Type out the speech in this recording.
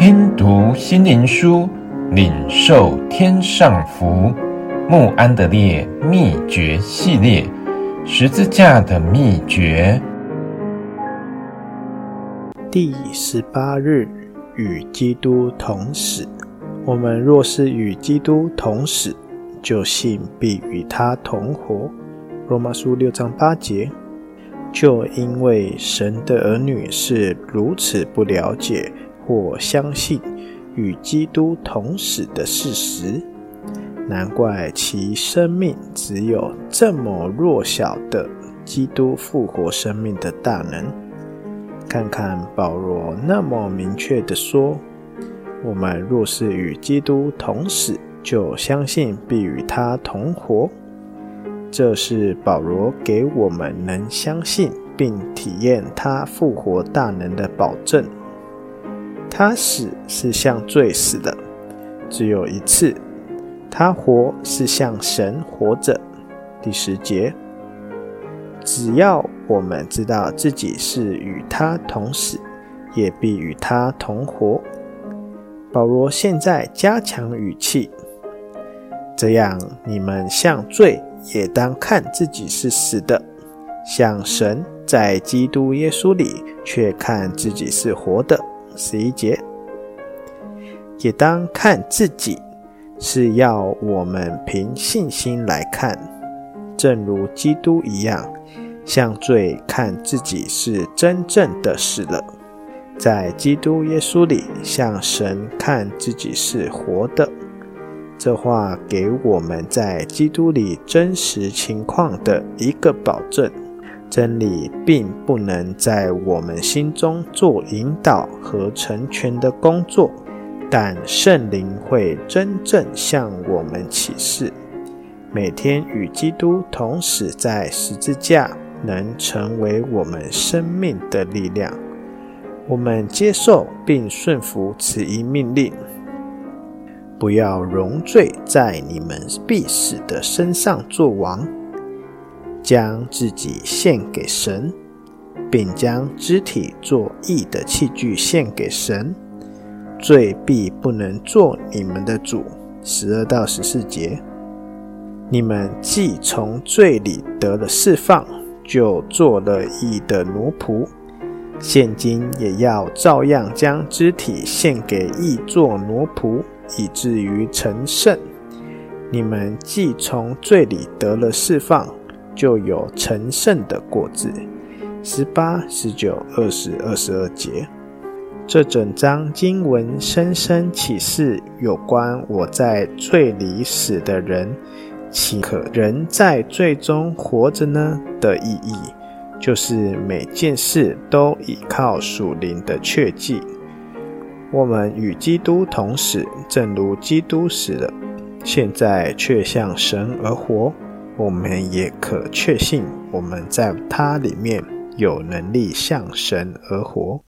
聽讀心靈書，領受天上福。慕安德烈秘訣系列，《十字架的秘訣》第十八日，與基督同死。我們若是與基督同死，就信必與他同活。羅馬書六章八節。就因為神的兒女是如此不了解或相信與基督同死的事實，難怪其生命只有這麼弱小的基督復活生命的大能。看看保羅那麼明確地說：“我們若是與基督同死，就相信必與他同活。”這是保羅給我們能相信並體驗他復活大能的保證。他死是向罪死的，只有一次；他活是向神活着。第十節，只要我們知道自己是與他同死，也必與他同活。保羅現在加強語氣：這樣，你們向罪也當看自己是死的，向神在基督耶穌裡卻看自己是活的。十一節，也當看自己，是要我們憑信心來看，正如基督一樣，向罪看自己是真正的死了，在基督耶穌裡向神看自己是活的，這話給我們在基督裡真實情況的一個保證。真理並不能在我們心中做引導和成全的工作，但聖靈會真正向我們啟示。每天與基督同死在十字架，能成為我們生命的力量。我們接受並順服此一命令：不要容罪在你們必死的身上做王。將自己獻給神，並將肢體作義的器具獻給神，罪必不能做你們的主。十二到十四節，你們既從罪裡得了釋放，就做了義的奴僕，現今也要照樣將肢體獻給義做奴僕，以至於成聖。你們既從罪裡得了釋放。就有成聖的果子。十八、十九、二十、二十二節，這整章經文深深啟示有關我在罪裡死的人，豈可仍在罪中活着呢？的意義，就是每件事都倚靠屬靈的確據。我們與基督同死，正如基督死了，現在卻向神而活。我們也可確信，我們在祂裡面有能力向神而活。